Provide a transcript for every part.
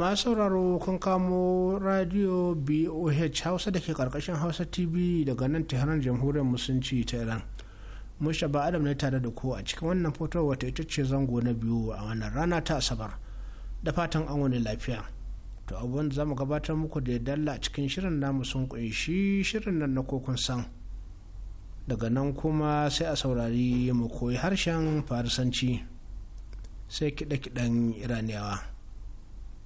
masu sauraro kun kamo radio boh hausa da ke karkashin hausa tv daga nan tehran jamhuriyar musulunci ta iran mushaba adam ne tare da ku a cikin wannan fotowar wata ita ce zango na biyu a wannan rana ta asabar da fatan an wani lafiya to abubuwan da zamu gabatar muku da ya dalla cikin shirin namu sun kunshi shirin nan na kokon san daga nan kuma sai a saurari mu koyi harshen farisanci sai kiɗe-kiɗen iraniyawa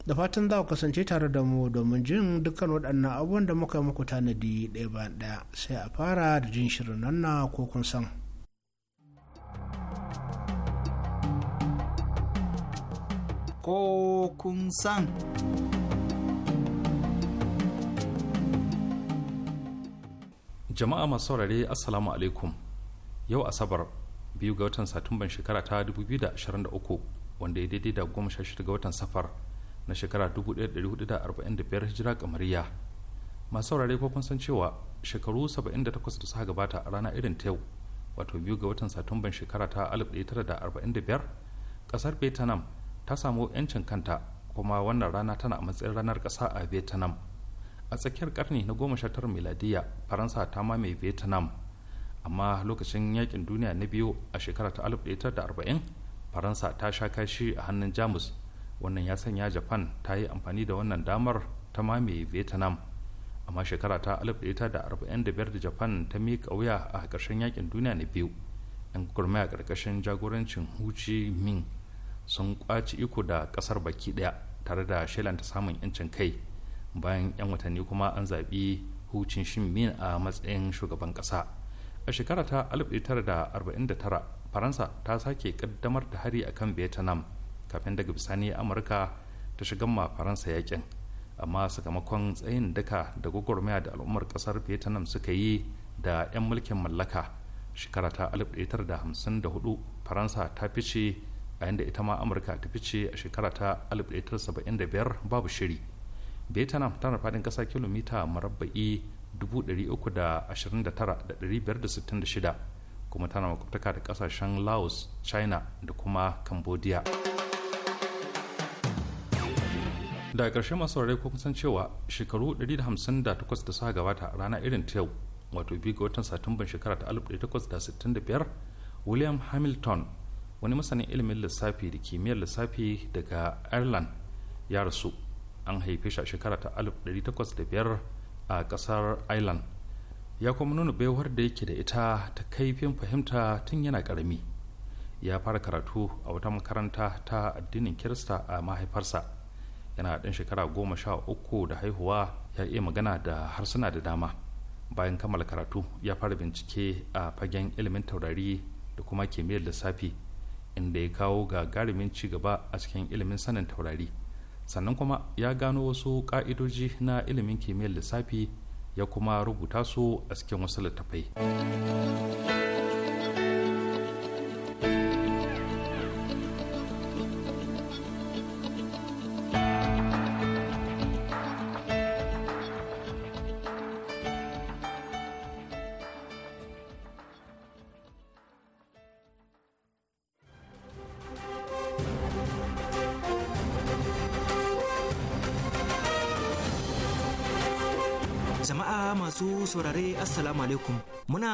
da fatan za ku kasance tare da mu domin jin dukkan waɗannan abubuwan da muka yi muku tanadi ɗaya bayan ɗaya sai a fara da jin shirin nan na ko kun san. Ko kun san. Jama'a masu saurare Assalamu alaikum yau Asabar biyu ga watan Satumban shekara ta 2023 wanda ya daidai da goma sha ga watan safar na shekara 1445 hijira kamariya masu saurare ko kun san cewa shekaru 78 da suka gabata a rana irin ta yau wato biyu ga watan satumban shekara ta 1945 kasar vietnam ta samu 'yancin kanta kuma wannan rana tana matsayin ranar ƙasa a vietnam a tsakiyar karni na 19 miladiya faransa ta mamaye vietnam amma lokacin yakin duniya na biyu a shekara ta 1940 faransa ta sha kashi a hannun jamus wannan ya sanya japan ta yi amfani da wannan damar ta mamaye vietnam amma shekara ta 1945 da japan ta miƙa wuya a ƙarshen yakin duniya na biyu yan gurmai a ƙarƙashin jagorancin huci chi sun kwaci iko da ƙasar baki ɗaya tare da shelanta samun yancin kai bayan 'yan watanni kuma an zaɓi hucin chi min a matsayin shugaban ƙasa a shekara ta 1949 faransa ta sake ƙaddamar da hari akan vietnam kafin daga bisani amurka ta shiga ma faransa yakin amma sakamakon tsayin duka da gwagwarmaya da al'ummar kasar vietnam suka yi da 'yan mulkin mallaka shekara ta 1954 faransa ta fice a yadda ita ma amurka ta fice a shekara ta 1975 babu shiri vietnam tana fadin ƙasa kilomita marabba'i 329,566 kuma tana makwabtaka da ƙasashen laos china da kuma cambodia da ƙarshe masu rarrai ko kusan cewa shekaru 158 da suka gabata rana irin ta yau wato biyu ga watan satumban shekara ta 1865 william hamilton wani masanin ilimin lissafi da kimiyyar lissafi daga ireland ya rasu an haife shi a shekara ta 1805 a ƙasar ireland ya kuma nuna baiwar da yake da ita ta kaifin fahimta tun yana karami ya fara karatu a wata makaranta ta addinin kirista a mahaifarsa yana ɗan shekara goma sha uku da haihuwa ya iya magana da harsuna da dama bayan kammala karatu ya fara bincike a fagen ilimin taurari da kuma kimiyyar lissafi inda ya kawo gagarumin ci gaba a cikin ilimin sanin taurari sannan kuma ya gano wasu ka'idoji na ilimin kimiyyar lissafi ya kuma rubuta su a cikin wasu littattafai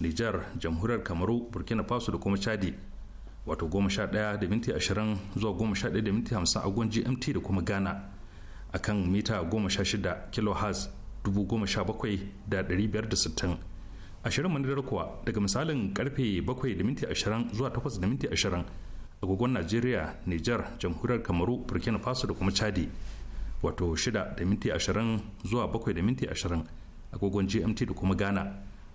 Nijar, jamhuriyar Kamaru, Burkina Faso da kuma Chadi. Wato goma sha ɗaya da minti ashirin zuwa goma sha ɗaya da minti hamsin a gun GMT da kuma Ghana. A kan mita goma sha shida kilo kilohertz dubu goma sha bakwai da ɗari biyar da sittin. Ashirin manidar kuwa daga misalin karfe bakwai da minti ashirin zuwa takwas da minti ashirin a agogon Najeriya, Nijar, jamhuriyar Kamaru, Burkina Faso da kuma Chadi. Wato shida da minti ashirin zuwa bakwai da minti ashirin a agogon GMT da kuma Ghana.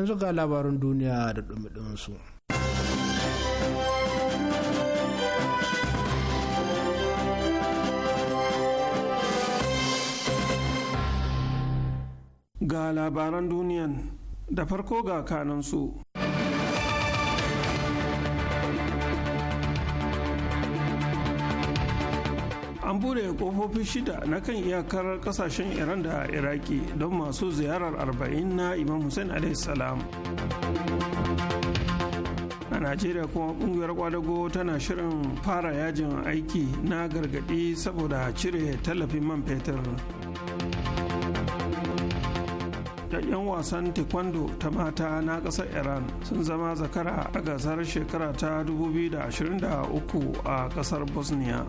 yanzu ga labarin duniya da su. ga labaran duniyan da farko ga kanansu an bude kofofi shida na kan iyakar kasashen iran da iraki don masu ziyarar arba'in na imam hussein salam a najeriya kuma kungiyar kwadago tana shirin fara yajin aiki na gargadi saboda cire tallafin man fetur. da 'yan wasan taekwondo ta mata na ƙasar iran sun zama zakara a gasar shekara ta 2023 a kasar bosnia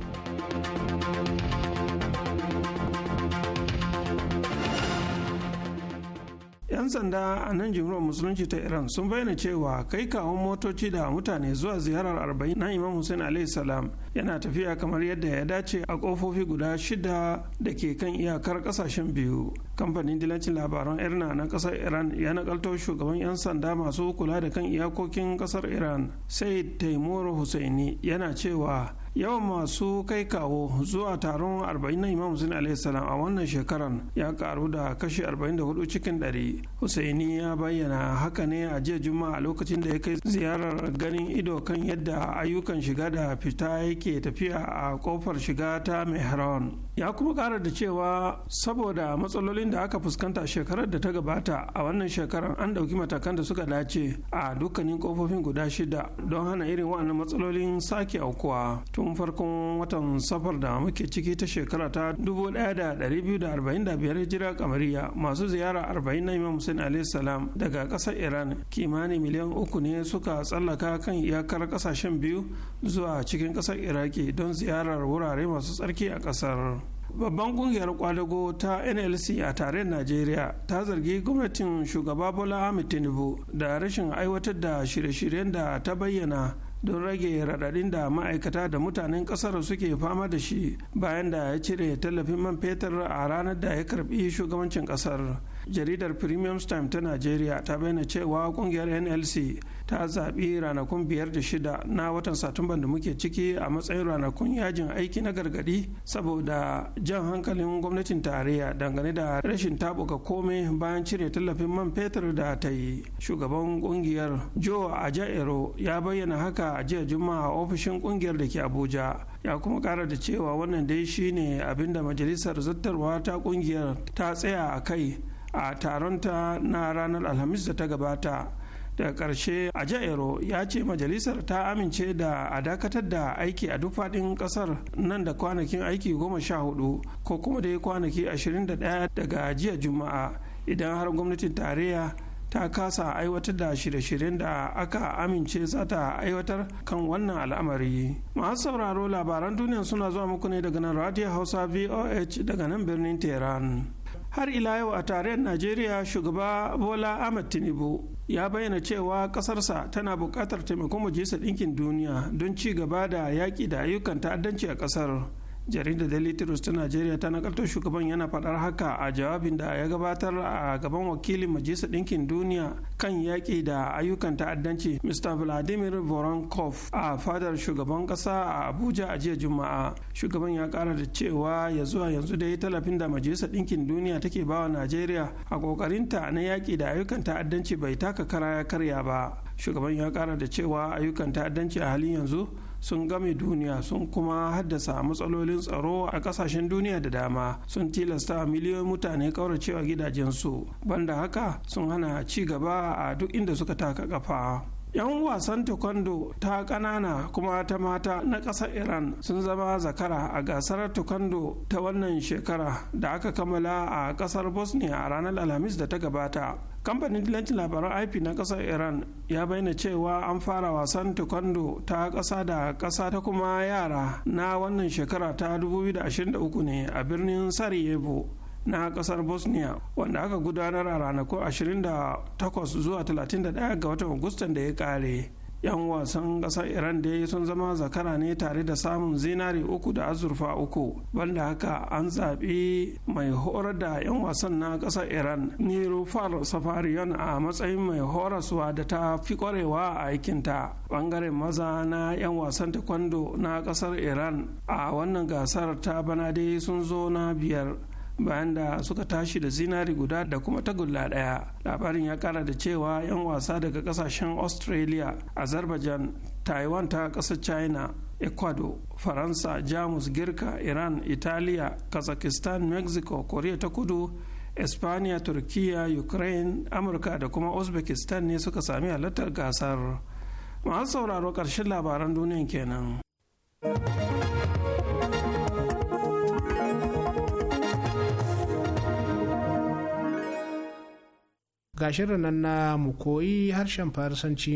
'yan sanda a nan jimurar musulunci ta iran sun bayyana cewa kai kawon motoci da mutane zuwa ziyarar arba'in na imam hussein salam yana tafiya kamar yadda ya dace a kofofi guda shida da ke kan iyakar kasashen biyu kamfanin dilancin labaran irna na kasar iran ya nakalto shugaban 'yan sanda masu kula da kan iyakokin kasar iran sai taimur husaini yana cewa yawan masu kai kawo zuwa taron 40 na imam hussein alaihissalam a wannan shekaran ya karu da kashi 44 cikin 100 husaini ya bayyana haka ne a jiya juma'a lokacin da ya kai ziyarar ganin ido kan yadda ayyukan shiga da fita yake tafiya a kofar shiga ta mehran ya kuma kara da cewa saboda matsalolin da aka fuskanta shekarar da ta gabata a wannan shekarar an dauki matakan da suka dace a dukkanin kofofin guda shida don hana irin waɗannan matsalolin sake aukuwa tun farkon watan safar da muke ciki ta shekara ta 1245 hijira kamariya masu ziyara 40 na imam hussein alayhi salam daga ƙasar iran kimanin miliyan uku ne suka tsallaka kan iyakar ƙasashen biyu zuwa cikin ƙasar iraki don ziyarar wurare masu tsarki a ƙasar babban kungiyar kwadago ta nlc a tarayyar najeriya ta zargi gwamnatin shugaba bola ahmed tinubu da rashin aiwatar da shirye-shiryen da ta bayyana don rage raɗaɗin da ma'aikata da mutanen ƙasar suke fama da shi bayan da ya cire tallafin man fetur a ranar da ya karbi shugabancin ƙasar jaridar premium time ta najeriya ta bayyana cewa kungiyar nlc ta zaɓi ranakun biyar da shida na watan satumban da muke ciki a matsayin ranakun yajin aiki na gargaɗi saboda jan hankalin gwamnatin tarayya dangane da rashin taɓuka komai bayan cire tallafin man fetur da ta yi shugaban ƙungiyar joe ajaero ya bayyana haka a jiya juma'a a ofishin ƙungiyar da ke abuja ya kuma kara da cewa wannan dai shine abinda majalisar zattarwa ta kungiyar ta tsaya a kai a taronta na ranar alhamis da ta gabata Da ƙarshe a jairo ya ce majalisar ta amince da a dakatar da aiki a duk faɗin ƙasar nan da kwanakin aiki goma sha hudu ko kuma dai kwanaki ashirin da ɗaya daga jiya juma'a idan har gwamnatin tarayya ta kasa aiwatar da shirye-shiryen da aka amince za ta aiwatar kan wannan al'amari masu sauraro labaran duniya suna zuwa muku ne daga nan radio hausa voh daga nan birnin tehran har ila yau a tarayyar najeriya shugaba bola ahmad tinubu ya bayyana cewa kasarsa tana buƙatar taimakon majalisar ɗinkin duniya don ci gaba da yaƙi da ayyukan ta'addanci a ƙasar jaridar daily trust ta najeriya ta nakaltar shugaban yana faɗar haka a jawabin da ya gabatar a gaban wakilin majalisar ɗinkin duniya kan yaƙi da ayyukan ta'addanci mr vladimir voronkov a fadar shugaban ƙasa a abuja a jiya juma'a shugaban ya kara da cewa ya zuwa yanzu dai tallafin da majalisar ɗinkin duniya take bawa najeriya a ƙoƙarinta na yaƙi da ayyukan ta'addanci bai taka kara ya karya ba shugaban ya kara da cewa ayyukan ta'addanci a halin yanzu sun game duniya sun kuma haddasa matsalolin tsaro a kasashen duniya da dama sun tilasta miliyoyin mutane kauracewa gidajensu banda haka sun hana ci gaba a duk inda suka taka kafa. 'yan wasan taekwondo ta kanana kuma ta mata na ƙasar iran sun zama zakara a gasar taekwondo ta wannan shekara da aka kammala a ƙasar bosnia a ranar alhamis da ta gabata kamfanin dillancin labaran ip na kasar iran ya bayyana cewa an fara wasan taekwondo ta kasa da kasa ta kuma yara na wannan shekara ta 2023 ne a birnin sarajevo na kasar bosnia wanda aka gudanar a ranakun 28 zuwa 31 ga watan agustan da ya kare 'yan wasan ƙasar iran da sun zama zakara ne tare da samun zinari uku da azurfa uku banda haka an zaɓi mai horar da 'yan wasan na ƙasar iran nirofar safariyan a matsayin mai horaswa da ta fi ƙwarewa a aikinta ɓangaren maza na 'yan wasan taekwondo na ƙasar iran a wannan gasar ta bana dai sun zo na biyar bayan da suka tashi da zinari guda da kuma tagulla ɗaya labarin ya kara da cewa 'yan wasa daga kasashen australia azerbaijan taiwan ta ƙasar china ecuador faransa jamus girka iran italiya kazakhstan mexico korea ta kudu espania turkiya ukraine amurka da kuma uzbekistan ne suka sami halartar gasar masu sauraro ƙarshen labaran duniya kenan. ga shirin nan na mu koyi harshen farsanci.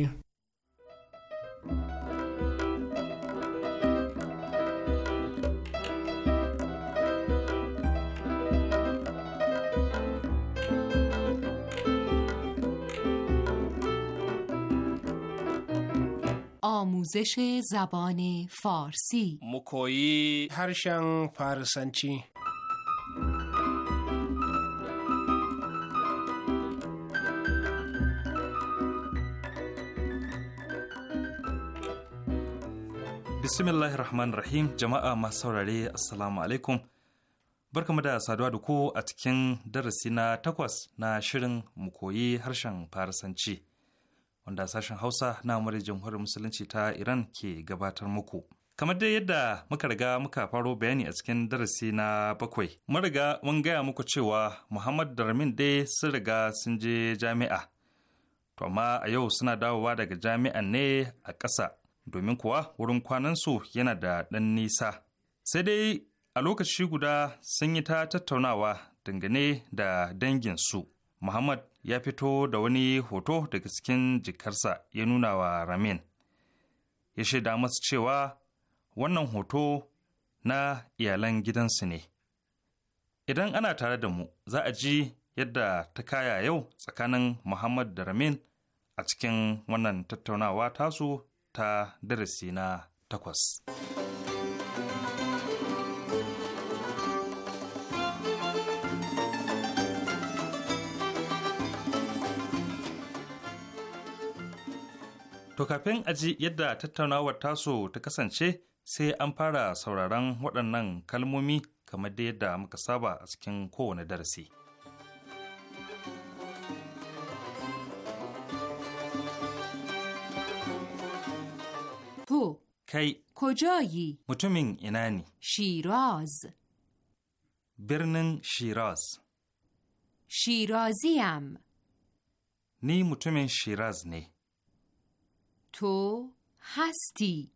آموزش زبان فارسی مکویی هرشن فارسنچی bismillahir rahmanir rahim jama'a masu saurare assalamu alaikum barkamu da saduwa da ku a cikin darasi na takwas na shirin mu harshen farisanci wanda sashen hausa na amurin jamhuriyar musulunci ta iran ke gabatar muku kamar dai yadda muka riga muka faro bayani a cikin darasi na bakwai mun riga mun gaya muku cewa muhammad darmin dai sun riga sun je jami'a to amma a yau suna dawowa daga jami'an ne a ƙasa domin kuwa wurin kwanansu yana da ɗan nisa. Sai dai a lokaci guda sun yi ta tattaunawa dangane da danginsu. Muhammad ya fito da wani hoto daga cikin jikarsa ya nuna wa Ramin. Ya shaida masu cewa wannan hoto na iyalan gidansu ne. Idan ana tare da mu, za a ji yadda ta kaya yau tsakanin Muhammad da Ramin a cikin wannan tattaunawa tasu ta darasi na takwas. To kafin aji yadda tattaunawar taso ta kasance sai an fara sauraron waɗannan kalmomi kamar da yadda muka saba a cikin kowane darasi. کی کجایی؟ متومین اینانی شیراز برنن شیراز شیرازیم نی متومین شیراز نی تو هستی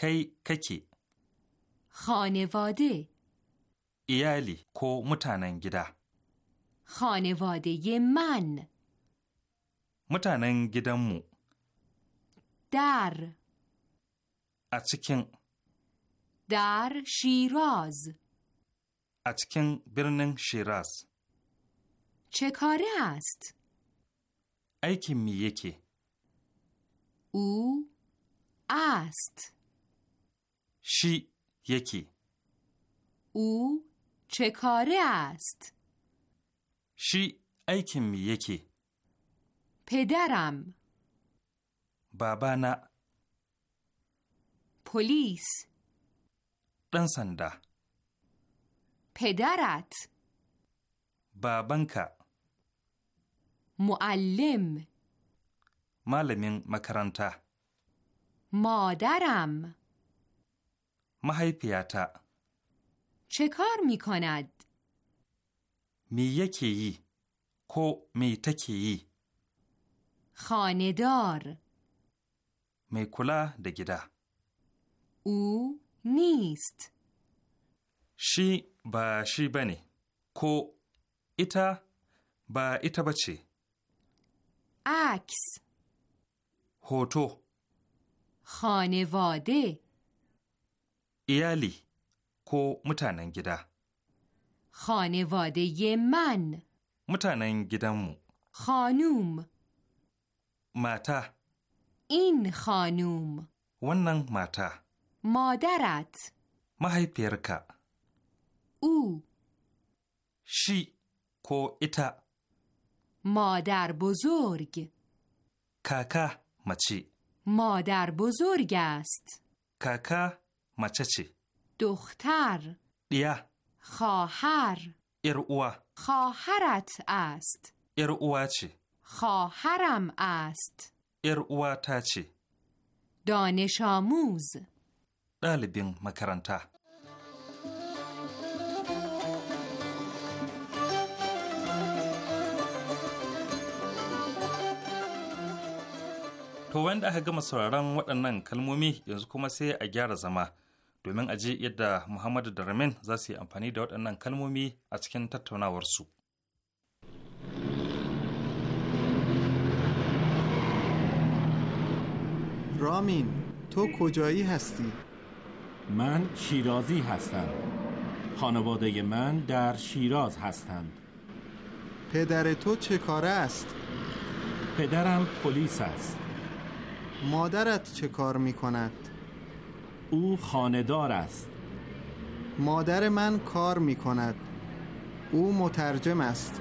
کی ککی خانواده ایالی کو متانن خانواده من متانن مو در a cikin dar shiraz a cikin birnin shiraz ce kare ast aikin mi yake u ast shi yake u ce kare ast shi aikin mi yake pedaram babana na پلیس دن سنده پدرت بابنکا معلم معلمین مکرانتا مادرم مهیپیاتا چه کار می کند؟ می یکی کو می تکی خاندار می کلا دگیده او نیست شی با شی بنی کو ایتا با ایتا بچه عکس هوتو خانواده ایالی کو متانن گدا خانواده من متانن گدم خانوم ماتا این خانوم ونن ماتا مادرت پیرکا او شی کو ایتا مادر بزرگ کاکا مچی مادر بزرگ است کاکا مچچی دختر دیا خواهر ارعوا خواهرت است ارعوا چی خواهرم است ارعوا تا چی دانش آموز ɗalibin makaranta. To wanda aka gama sauraron waɗannan kalmomi yanzu kuma sai a gyara zama domin a ji yadda Muhammadu da Ramin za su yi amfani da waɗannan kalmomi a cikin tattaunawarsu. رامین تو کجایی هستی؟ من شیرازی هستم خانواده من در شیراز هستند پدر تو چه کاره است؟ پدرم پلیس است مادرت چه کار می کند؟ او خاندار است مادر من کار می کند او مترجم است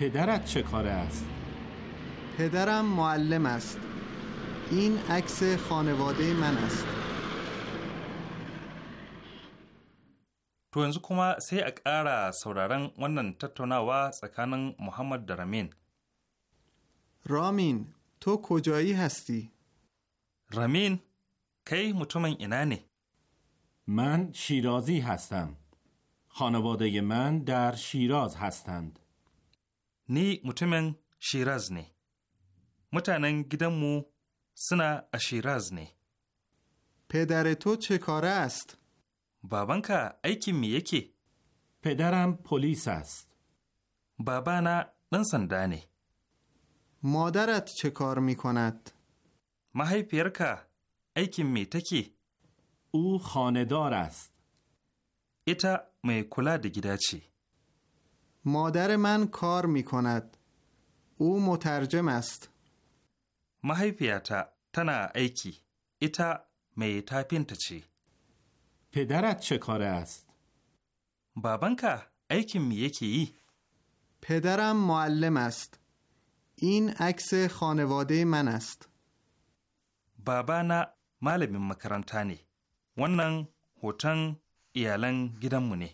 پدرت چه کاره است؟ پدرم معلم است این عکس خانواده من است to yanzu kuma sai a ƙara sauraron wannan tattaunawa tsakanin muhammad da ramin ramin to ko hasti ramin kai mutumin ina ne man shirazi hastam hanabada man dar shiraz hastand ni mutumin shiraz ne mutanen gidanmu suna a shiraz ne pedare to chekara ast بابانکا ایکی می یکی پدرم پلیس است بابانا دن دانی. مادرت چه کار می کند؟ مهی پیرکا ایکی می تکی او خاندار است ایتا می کلا دگیده چی؟ مادر من کار می کند او مترجم است مهی پیاتا تنا ایکی ایتا می تاپین چی؟ پدرت چه کار است؟ بابانکا ایکن می یکی پدرم معلم است. این عکس خانواده من است. بابانا معلم مکرانتانی. ونن هوتن ایالن گیدمونه.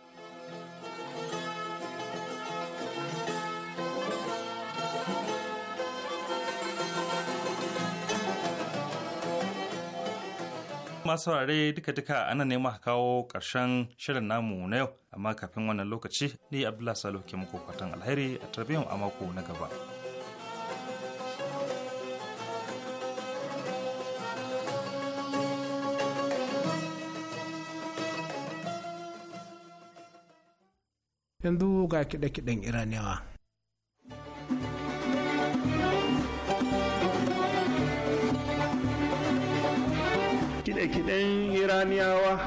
masu saurare duka-duka ana nema kawo karshen shirin namu na yau amma kafin wannan lokaci ni abdullahi salo ke muku fatan alheri a tarbiyyar a mako na gaba. yanzu ga kiɗe-kiɗen iraniyawa kiɗe-kiɗen iraniyawa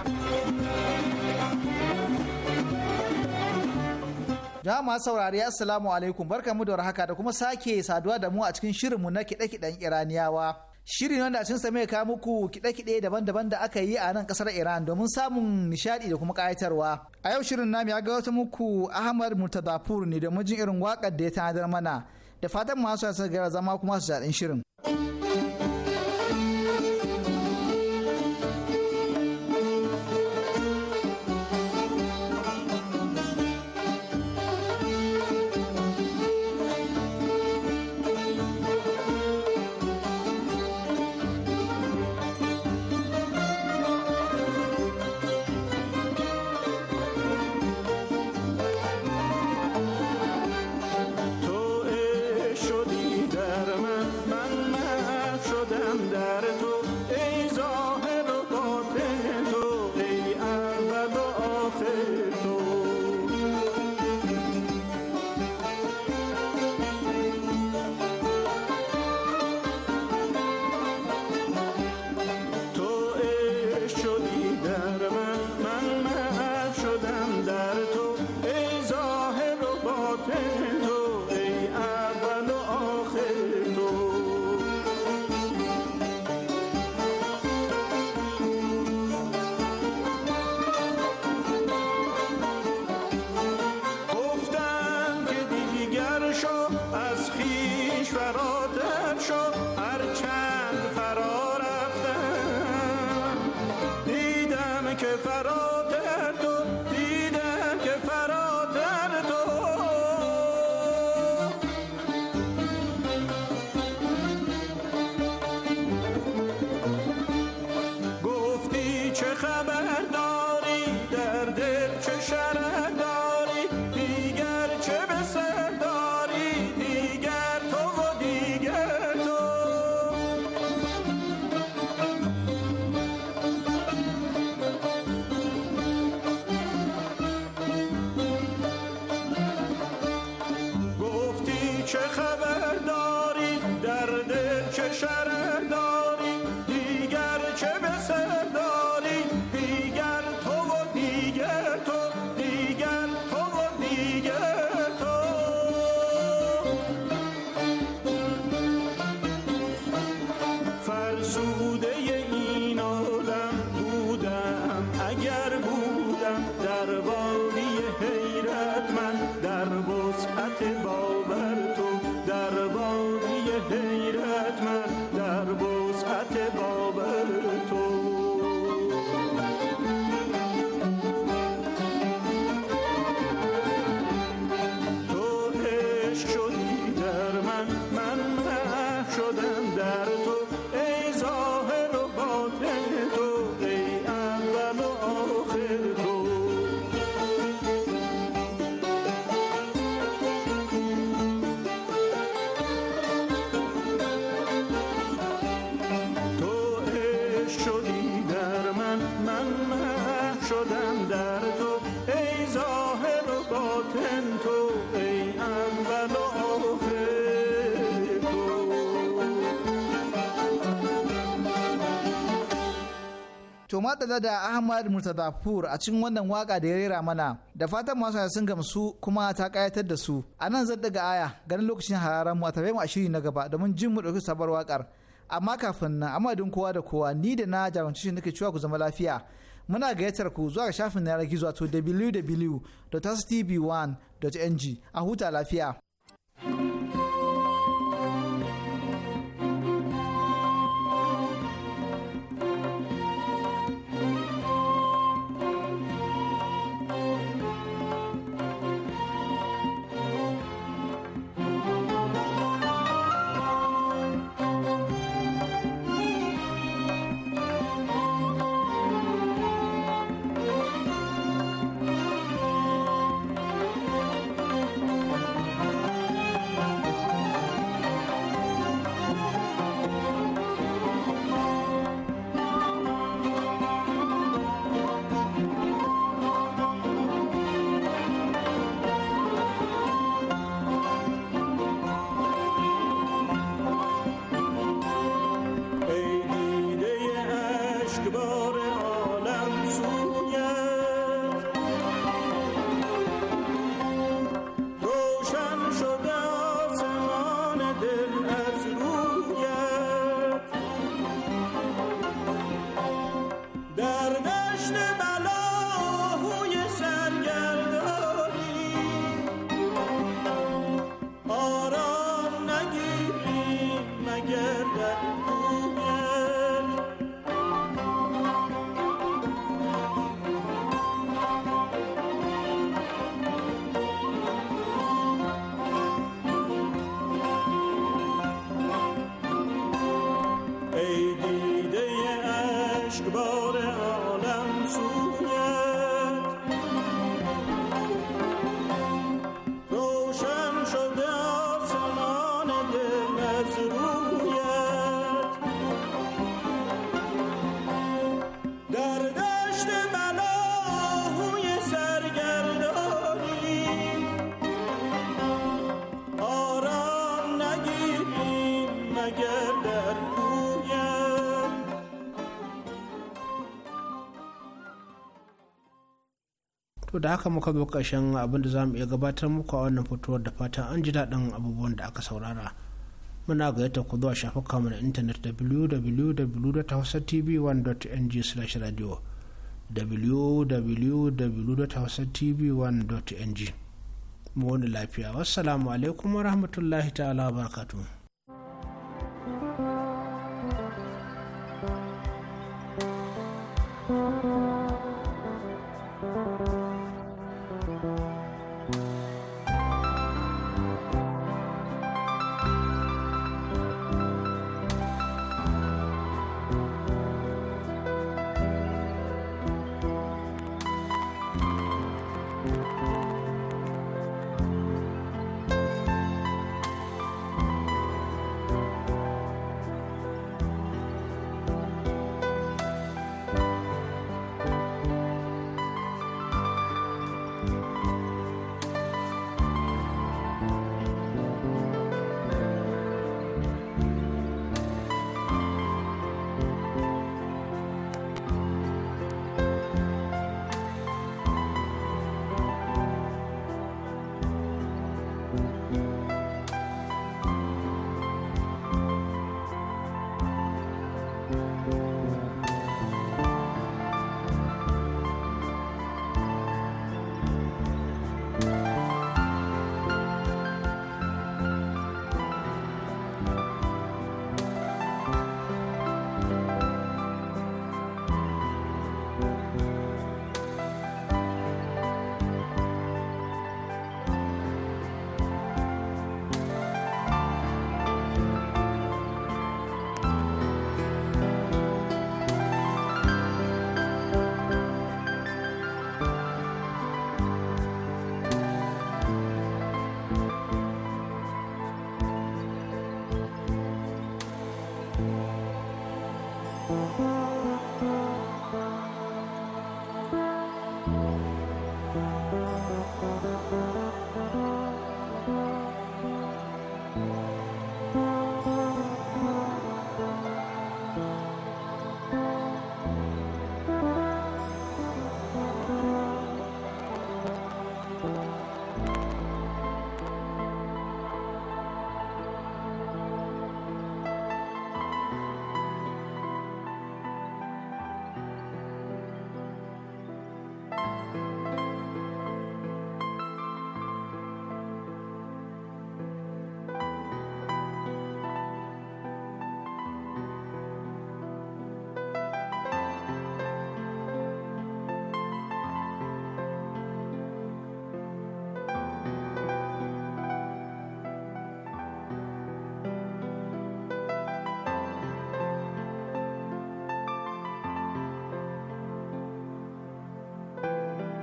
jama'a saurari assalamu alaikum mu da warhaka da kuma sake saduwa da mu a cikin shirinmu na kiɗe-kiɗen iraniyawa shirin wanda cin sa mai muku kiɗe-kiɗe daban-daban da aka yi a nan kasar Iran domin samun nishaɗi da kuma ƙayatarwa. A yau shirin namu ya gawata muku Ahmad Murtadapur ne da jin irin waƙar da ya tanadar mana da fatan masu yasa gara zama kuma su jaɗin shirin. derdir çüşerek madala da ahmad murtadafur a cikin wannan waka da ya rera mana da fatan masu sun gamsu kuma ta kayatar da su a nan zan daga aya ganin lokacin hararan mu a tabe mu a shiri na gaba domin jin mu ɗauki sabar wakar amma kafin nan amadin kowa da kowa ni da na jarumci shi nake cewa ku zama lafiya muna gayyatar ku zuwa ga shafin yanar gizo to www.tv1.ng a huta lafiya. da haka muka zo ƙarshen abin da za mu iya gabatar muku a wannan fitowar da fatan an ji daɗin abubuwan da aka saurara muna gayyata ku zuwa mu na intanet www.hausatv1.ng/radio www.hausatv1.ng mu wani lafiya wassalamu alaikum warahmatullahi ta'ala barakatuhu